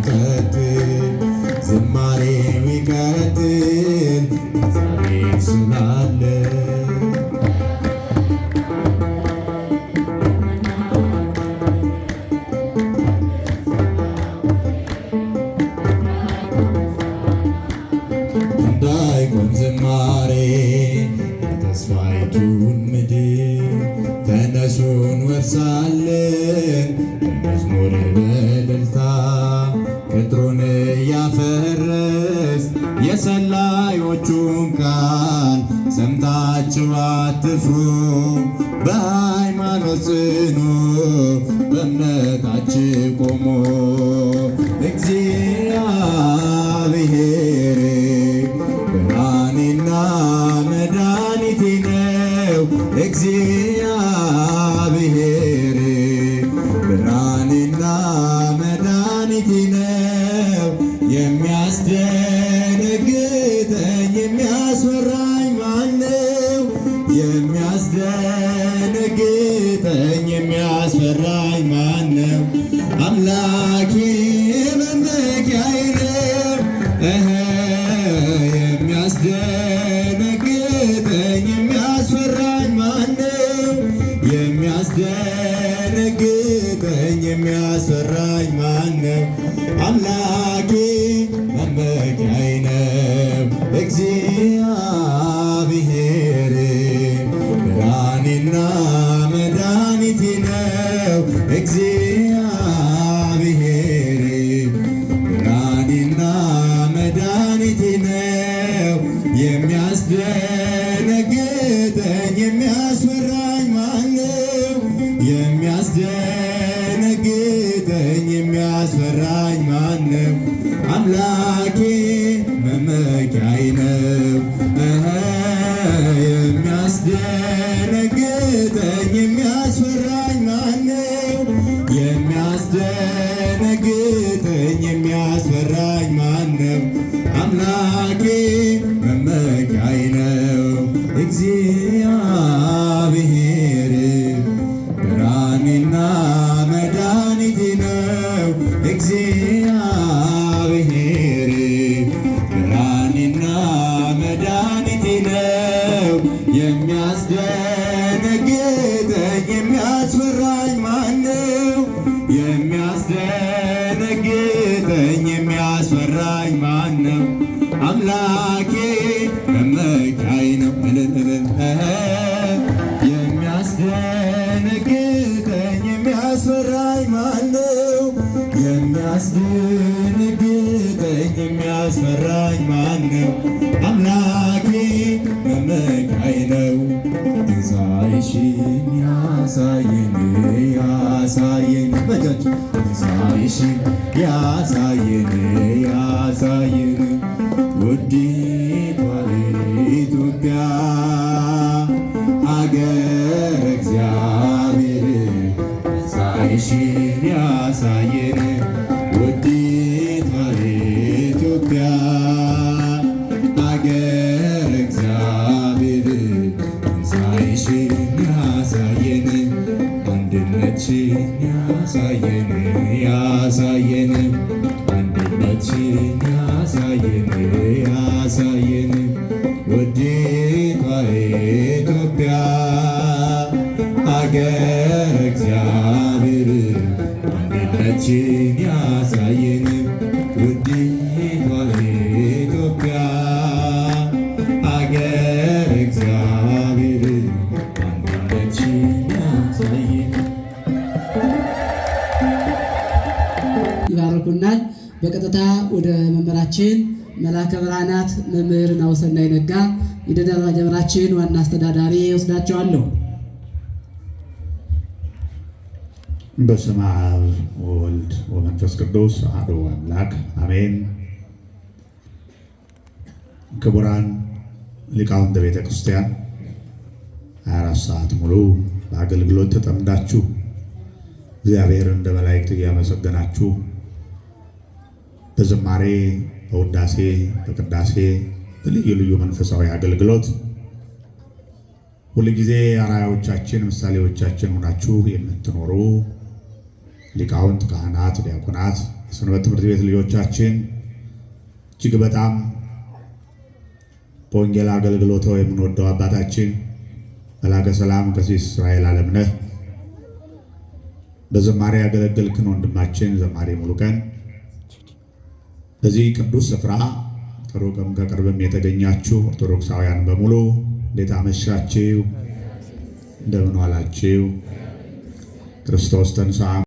ይቀጥል ዝማሬው ይቀጥል ዛሬ ስላለ እያፈረስ የሰላዮቹን ቃል ሰምታችሁ አትፍሩ፣ በሃይማኖት ጽኑ፣ በእምነታችሁ ቆሙ። እግዚአብሔር ብርሃኔና መድኃኒቴ ነው። እግዚአብሔር የሚያስደነግጠኝ የሚያስፈራኝ ማነው? የሚያስደነግጠኝ የሚያስፈራኝ ማነው? አምላኬ መጠጊያዬ ነው እግዚአብሔር ብርሃኔና መድኃኒቴ ነው እግዚአብሔር ብርሃኔና መድኃኒቴ ነው የሚያስደነግጠኝ የሚያስፈራኝ ማነው የሚያስደ አለኝ የሚያስፈራኝ ማነው አምላኬ ያሳየን ያሳየን ውዲቷ ኢትዮጵያ አገር እግዚአብሔር ሳይሽን ያሳየን ውዲቷ ኢትዮጵያ አገር እግዚአብሔር ሳይሽን ያሳየን አንድነትሽን ያሳየን እግዚአብሔር አንድነትን ያሳየን ውዲቷን ኢትዮጵያ አገር እግዚአብሔር አንድነትን ያሳየን ይባርኩናል። በቀጥታ ወደ መምህራችን መላከ ብርሃናት መምህር ናሁሰናይ ነጋ የደደራ ጀምራችን ዋና አስተዳዳሪ ወስዳቸዋለሁ። በስመ አብ ወወልድ ወመንፈስ ቅዱስ አሐዱ አምላክ አሜን። ክቡራን ሊቃውንተ ቤተ ክርስቲያን 24 ሰዓት ሙሉ በአገልግሎት ተጠምዳችሁ እግዚአብሔር እንደ መላእክት እያመሰገናችሁ በዝማሬ በውዳሴ በቅዳሴ በልዩ ልዩ መንፈሳዊ አገልግሎት ሁልጊዜ አራያዎቻችን ምሳሌዎቻችን ሆናችሁ የምትኖሩ ሊቃውንት፣ ካህናት፣ ዲያቆናት፣ የሰንበት ትምህርት ቤት ልጆቻችን እጅግ በጣም በወንጌል አገልግሎት የምንወደው አባታችን መላከ ሰላም ቀሲስ እስራኤል አለምነህ በዘማሪ ያገለገልክን ወንድማችን ዘማሪ ሙሉቀን በዚህ ቅዱስ ስፍራ ከሩቅም ከቅርብም የተገኛችሁ ኦርቶዶክሳውያን በሙሉ እንዴት አመሻችሁ? እንደምን ዋላችሁ? ክርስቶስ ተንሳ